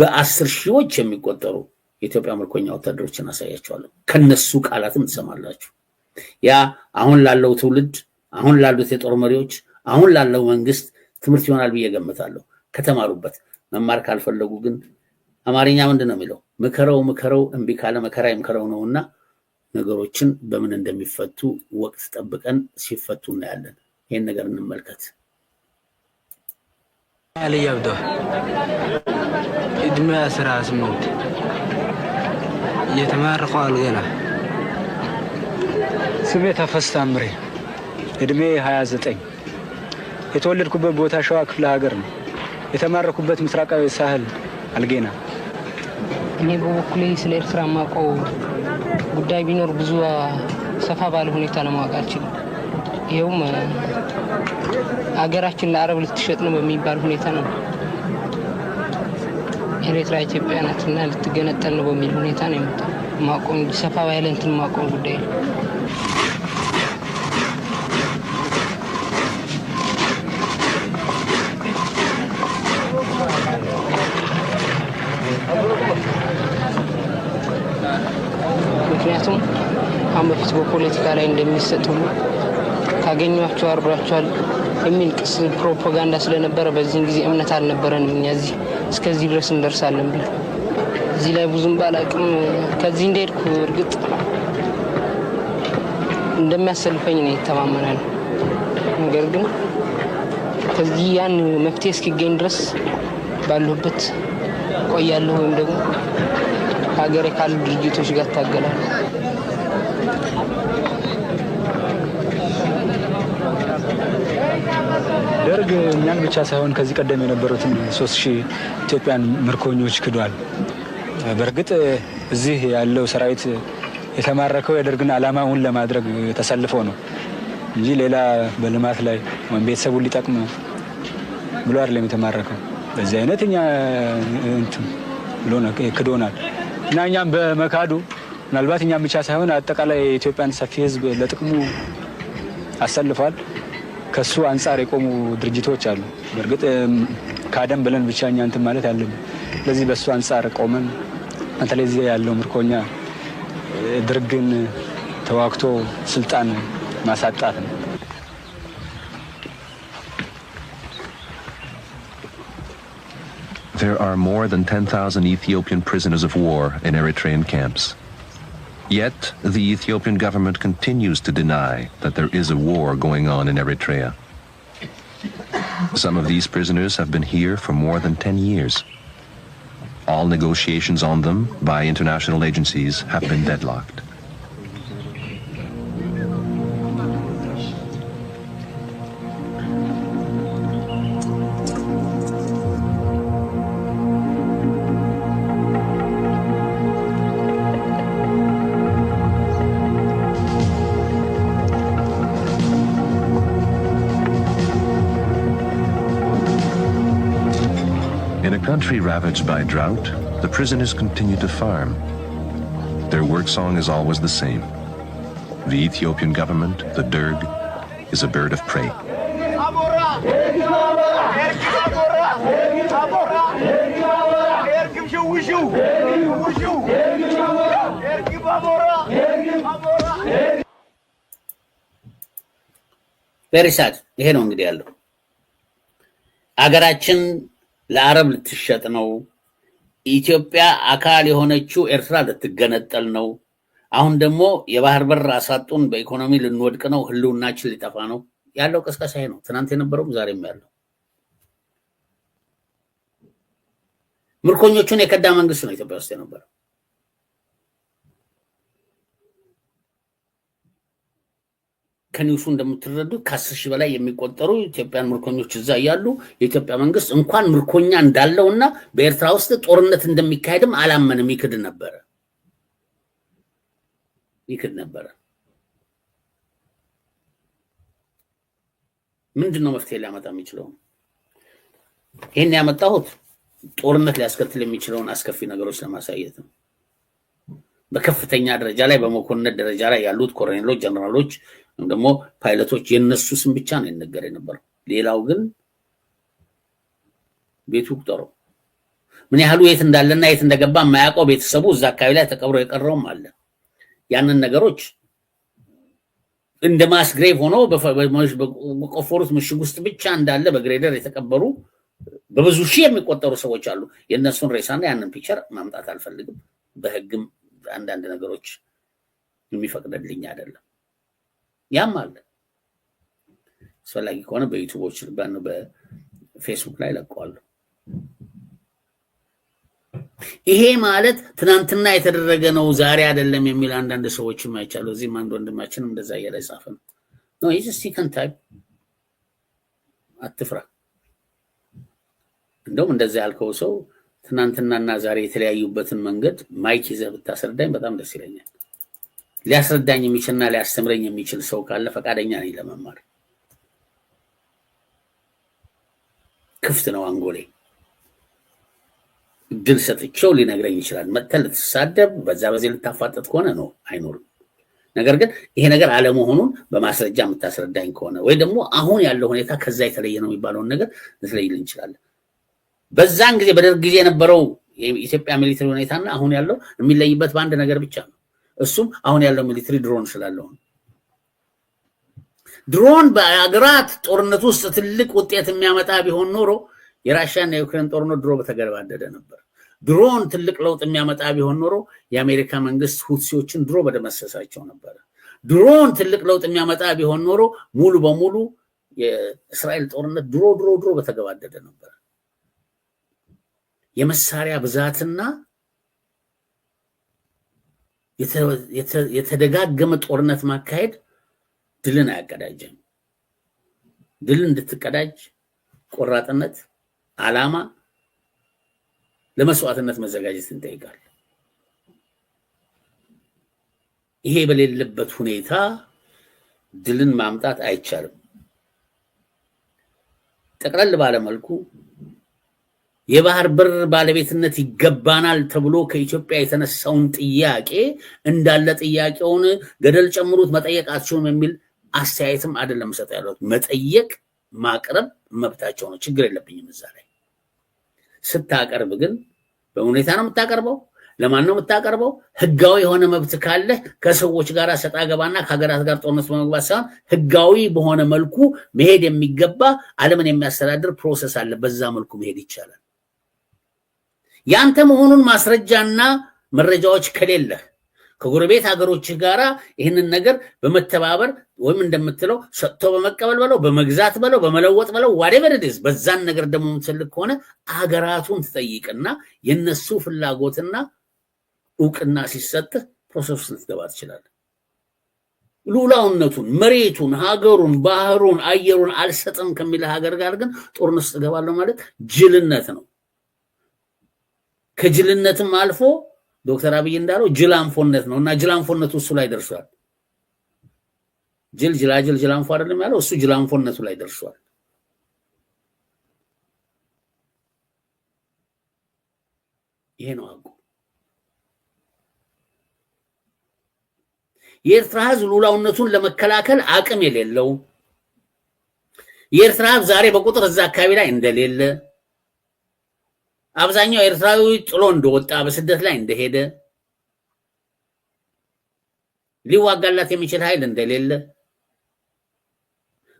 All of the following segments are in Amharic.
በአስር ሺዎች የሚቆጠሩ የኢትዮጵያ ምርኮኛ ወታደሮችን አሳያቸዋለሁ። ከነሱ ቃላትም ትሰማላችሁ። ያ አሁን ላለው ትውልድ፣ አሁን ላሉት የጦር መሪዎች፣ አሁን ላለው መንግስት ትምህርት ይሆናል ብዬ ገምታለሁ። ከተማሩበት መማር ካልፈለጉ ግን አማርኛ ምንድን ነው የሚለው? ምከረው ምከረው እምቢ ካለ መከራ ይምከረው እና ነገሮችን በምን እንደሚፈቱ ወቅት ጠብቀን ሲፈቱ እናያለን። ይህን ነገር እንመልከት። ያለ ያብዷል ዕድሜ አስራ ስምንት አልገና ስሜ ተፈስ ታምሬ ዕድሜ 29 የተወለድኩበት ቦታ ሸዋ ክፍለ ሀገር ነው። የተማረኩበት ምስራቃዊ ሳህል አልጌና። እኔ በበኩሌ ስለ ኤርትራ የማውቀው ጉዳይ ቢኖር ብዙ ሰፋ ባለ ሁኔታ ለማወቅ አልችልም። ይኸውም ሀገራችን ለአረብ ልትሸጥ ነው በሚባል ሁኔታ ነው። ኤርትራ ኢትዮጵያ ልትገነጠል ነው በሚል ሁኔታ ነው የመጣ ማቆም ሰፋ ያለ እንትን ማቆም ጉዳይ ነው። ምክንያቱም አሁን በፊት በፖለቲካ ላይ እንደሚሰጥ ሁሉ ካገኟቸው አርዷቸዋል የሚል ቅስ ፕሮፓጋንዳ ስለነበረ በዚህን ጊዜ እምነት አልነበረንም እኛ እዚህ እስከዚህ ድረስ እንደርሳለን ብለ እዚህ ላይ ብዙም ባላቅም ከዚህ እንደሄድኩ እርግጥ እንደሚያሰልፈኝ ነው ነው። ነገር ግን ከዚህ ያን መፍትሄ እስኪገኝ ድረስ ባለሁበት ቆያለሁ ወይም ደግሞ ሀገሬ ካሉ ድርጅቶች ጋር ታገላለሁ። ደርግ እኛን ብቻ ሳይሆን ከዚህ ቀደም የነበሩትን ሶስት ሺህ ኢትዮጵያን ምርኮኞች ክዷል። በእርግጥ እዚህ ያለው ሰራዊት የተማረከው የደርግን ዓላማውን ለማድረግ ተሰልፎ ነው እንጂ ሌላ በልማት ላይ ቤተሰቡን ሊጠቅም ብሎ አይደለም የተማረከው። በዚህ አይነት እኛ ክዶናል እና እኛም በመካዱ ምናልባት እኛም ብቻ ሳይሆን አጠቃላይ የኢትዮጵያን ሰፊ ሕዝብ ለጥቅሙ አሰልፏል። ከሱ አንጻር የቆሙ ድርጅቶች አሉ። በእርግጥ ካደም ብለን ብቻ እኛ እንትን ማለት አለብን። ስለዚህ በእሱ አንጻር ቆመን በተለይ እዚህ ያለው ምርኮኛ ድርግን ተዋግቶ ስልጣን ማሳጣት ነው። There are more than 10,000 Ethiopian prisoners of war in Eritrean camps. Yet, the Ethiopian government continues to deny that there is a war going on in Eritrea. Some of these prisoners have been here for more than 10 years. All negotiations on them by international agencies have been deadlocked. country ravaged by drought, the prisoners continue to farm. Their work song is always the same. The Ethiopian government, the Derg, is a bird of prey. ለአረብ ልትሸጥ ነው። ኢትዮጵያ አካል የሆነችው ኤርትራ ልትገነጠል ነው። አሁን ደግሞ የባህር በር አሳጡን፣ በኢኮኖሚ ልንወድቅ ነው፣ ህልውናችን ሊጠፋ ነው ያለው ቀስቀሳ ነው። ትናንት የነበረውም ዛሬም ያለው ምርኮኞቹን የከዳ መንግስት ነው ኢትዮጵያ ውስጥ የነበረው። ከኒውሱ እንደምትረዱ ከአስር ሺህ በላይ የሚቆጠሩ ኢትዮጵያን ምርኮኞች እዛ እያሉ የኢትዮጵያ መንግስት እንኳን ምርኮኛ እንዳለው እና በኤርትራ ውስጥ ጦርነት እንደሚካሄድም አላመንም። ይክድ ነበረ ይክድ ነበረ። ምንድን ነው መፍትሄ ሊያመጣ የሚችለው? ይህን ያመጣሁት ጦርነት ሊያስከትል የሚችለውን አስከፊ ነገሮች ለማሳየት ነው። በከፍተኛ ደረጃ ላይ በመኮንነት ደረጃ ላይ ያሉት ኮሎኔሎች፣ ጀነራሎች ደግሞ ፓይለቶች የነሱ ስም ብቻ ነው የነገር የነበረው። ሌላው ግን ቤቱ ቁጠረው ምን ያህሉ የት እንዳለና የት እንደገባ የማያውቀው ቤተሰቡ እዛ አካባቢ ላይ ተቀብሮ የቀረውም አለ። ያንን ነገሮች እንደ ማስግሬቭ ሆኖ በቆፈሩት ምሽግ ውስጥ ብቻ እንዳለ በግሬደር የተቀበሩ በብዙ ሺህ የሚቆጠሩ ሰዎች አሉ። የእነሱን ሬሳና ያንን ፒክቸር ማምጣት አልፈልግም። በህግም አንዳንድ ነገሮች የሚፈቅድልኝ አይደለም። ያም አለ። አስፈላጊ ከሆነ በዩቱቦች በፌስቡክ ላይ ለቀዋለሁ። ይሄ ማለት ትናንትና የተደረገ ነው ዛሬ አይደለም የሚል አንዳንድ ሰዎች ማይቻሉ። እዚህም አንድ ወንድማችንም እንደዛ እያለ ጻፈ ነው። ሲከን ታይም አትፍራ። እንደውም እንደዛ ያልከው ሰው ትናንትናና ዛሬ የተለያዩበትን መንገድ ማይክ ይዘህ ብታስረዳኝ በጣም ደስ ይለኛል። ሊያስረዳኝ የሚችልና ሊያስተምረኝ የሚችል ሰው ካለ ፈቃደኛ ነኝ ለመማር። ክፍት ነው አንጎሌ። እድል ሰጥቼው ሊነግረኝ ይችላል። መተ ልትሳደብ በዛ በዚህ ልታፋጠጥ ከሆነ ነው አይኖርም። ነገር ግን ይሄ ነገር አለመሆኑን በማስረጃ የምታስረዳኝ ከሆነ ወይ ደግሞ አሁን ያለው ሁኔታ ከዛ የተለየ ነው የሚባለውን ነገር ልትለይልን እንችላለን። በዛን ጊዜ በደርግ ጊዜ የነበረው የኢትዮጵያ ሚሊተሪ ሁኔታና አሁን ያለው የሚለይበት በአንድ ነገር ብቻ ነው። እሱም አሁን ያለው ሚሊትሪ ድሮን ስላለው ድሮን በአገራት ጦርነት ውስጥ ትልቅ ውጤት የሚያመጣ ቢሆን ኖሮ የራሽያና የዩክሬን ጦርነት ድሮ በተገባደደ ነበር። ድሮን ትልቅ ለውጥ የሚያመጣ ቢሆን ኖሮ የአሜሪካ መንግስት ሁሲዎችን ድሮ በደመሰሳቸው ነበር ድሮን ትልቅ ለውጥ የሚያመጣ ቢሆን ኖሮ ሙሉ በሙሉ የእስራኤል ጦርነት ድሮ ድሮ ድሮ በተገባደደ ነበር። የመሳሪያ ብዛትና የተደጋገመ ጦርነት ማካሄድ ድልን አያቀዳጅም። ድልን እንድትቀዳጅ ቆራጥነት፣ ዓላማ፣ ለመስዋዕትነት መዘጋጀት እንጠይቃል። ይሄ በሌለበት ሁኔታ ድልን ማምጣት አይቻልም። ጠቅለል ባለመልኩ የባህር በር ባለቤትነት ይገባናል ተብሎ ከኢትዮጵያ የተነሳውን ጥያቄ እንዳለ ጥያቄውን ገደል ጨምሩት መጠየቅ አትችሉም የሚል አስተያየትም አይደለም ሰጥ ያለት መጠየቅ ማቅረብ መብታቸው ነው። ችግር የለብኝም እዛ ላይ ስታቀርብ ግን በሁኔታ ነው የምታቀርበው። ለማን ነው የምታቀርበው? ህጋዊ የሆነ መብት ካለ ከሰዎች ጋር ሰጣ ገባና ከሀገራት ጋር ጦርነት በመግባት ሳይሆን ህጋዊ በሆነ መልኩ መሄድ የሚገባ ዓለምን የሚያስተዳድር ፕሮሰስ አለ። በዛ መልኩ መሄድ ይቻላል። ያንተ መሆኑን ማስረጃና መረጃዎች ከሌለህ ከጎረቤት ሀገሮችህ ጋር ይህንን ነገር በመተባበር ወይም እንደምትለው ሰጥቶ በመቀበል በለው በመግዛት በለው በመለወጥ በለው ዋዴቨርድዝ በዛን ነገር ደግሞ የምትፈልግ ከሆነ አገራቱን ትጠይቅና የነሱ ፍላጎትና እውቅና ሲሰጥህ ፕሮሰስ ልትገባ ትችላለህ። ሉላውነቱን፣ መሬቱን፣ ሀገሩን፣ ባህሩን፣ አየሩን አልሰጥም ከሚል ሀገር ጋር ግን ጦርነት ውስጥ እገባለሁ ማለት ጅልነት ነው። ከጅልነትም አልፎ ዶክተር አብይ እንዳለው ጅላንፎነት አንፎነት ነው እና ጅል አንፎነቱ እሱ ላይ ደርሷል። ጅል ጅላጅል ጅል አንፎ አይደለም ያለው እሱ ጅላንፎነቱ አንፎነቱ ላይ ደርሷል። ይሄ ነው አቁ የኤርትራ ህዝብ ሉላውነቱን ለመከላከል አቅም የሌለው የኤርትራ ህዝብ ዛሬ በቁጥር እዛ አካባቢ ላይ እንደሌለ አብዛኛው ኤርትራዊ ጥሎ እንደወጣ በስደት ላይ እንደሄደ ሊዋጋላት የሚችል ኃይል እንደሌለ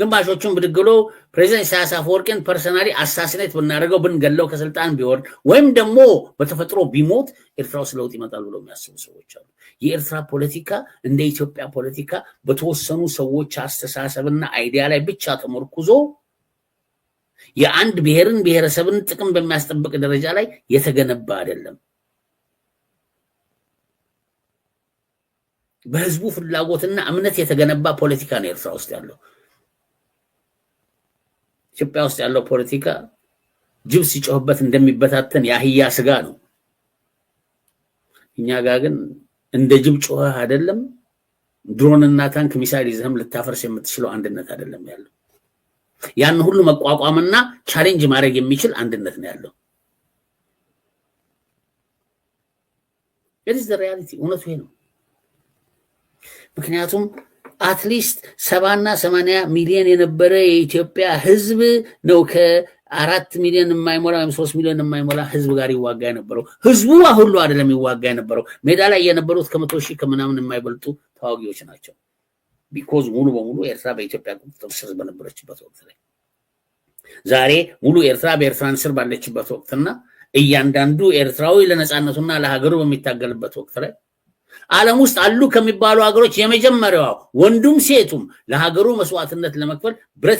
ግማሾቹን ብድግሎ ፕሬዚደንት ኢሳያስ አፈወርቂን ፐርሰናሊ አሳሲኔት ብናደርገው ብንገለው ከስልጣን ቢወርድ ወይም ደግሞ በተፈጥሮ ቢሞት ኤርትራ ውስጥ ለውጥ ይመጣል ብሎ የሚያስቡ ሰዎች አሉ። የኤርትራ ፖለቲካ እንደ ኢትዮጵያ ፖለቲካ በተወሰኑ ሰዎች አስተሳሰብና አይዲያ ላይ ብቻ ተመርኩዞ የአንድ ብሔርን ብሔረሰብን ጥቅም በሚያስጠብቅ ደረጃ ላይ የተገነባ አይደለም። በህዝቡ ፍላጎትና እምነት የተገነባ ፖለቲካ ነው ኤርትራ ውስጥ ያለው። ኢትዮጵያ ውስጥ ያለው ፖለቲካ ጅብ ሲጮህበት እንደሚበታተን የአህያ ስጋ ነው። እኛ ጋር ግን እንደ ጅብ ጮኸህ አይደለም ድሮንና ታንክ ሚሳይል ይዘህም ልታፈርስ የምትችለው አንድነት አይደለም ያለው። ያን ሁሉ መቋቋምና ቻሌንጅ ማድረግ የሚችል አንድነት ነው ያለው። ኢትስ ዘ ሪያሊቲ እውነቱ ነው። ምክንያቱም አትሊስት ሰባና ሰማንያ ሚሊዮን የነበረ የኢትዮጵያ ህዝብ ነው ከአራት ሚሊዮን የማይሞላ ወይም ሶስት ሚሊዮን የማይሞላ ህዝብ ጋር ይዋጋ የነበረው። ህዝቡ ሁሉ አይደለም ይዋጋ የነበረው። ሜዳ ላይ የነበሩት ከመቶ ሺህ ከምናምን የማይበልጡ ተዋጊዎች ናቸው። ቢኮዝ ሙሉ በሙሉ ኤርትራ በኢትዮጵያ ቁጥጥር ስር በነበረችበት ወቅት ላይ ዛሬ ሙሉ ኤርትራ በኤርትራን ስር ባለችበት ወቅትና እያንዳንዱ ኤርትራዊ ለነፃነቱና ለሀገሩ በሚታገልበት ወቅት ላይ ዓለም ውስጥ አሉ ከሚባሉ ሀገሮች የመጀመሪያዋ ወንዱም ሴቱም ለሀገሩ መስዋዕትነት ለመክፈል ብረት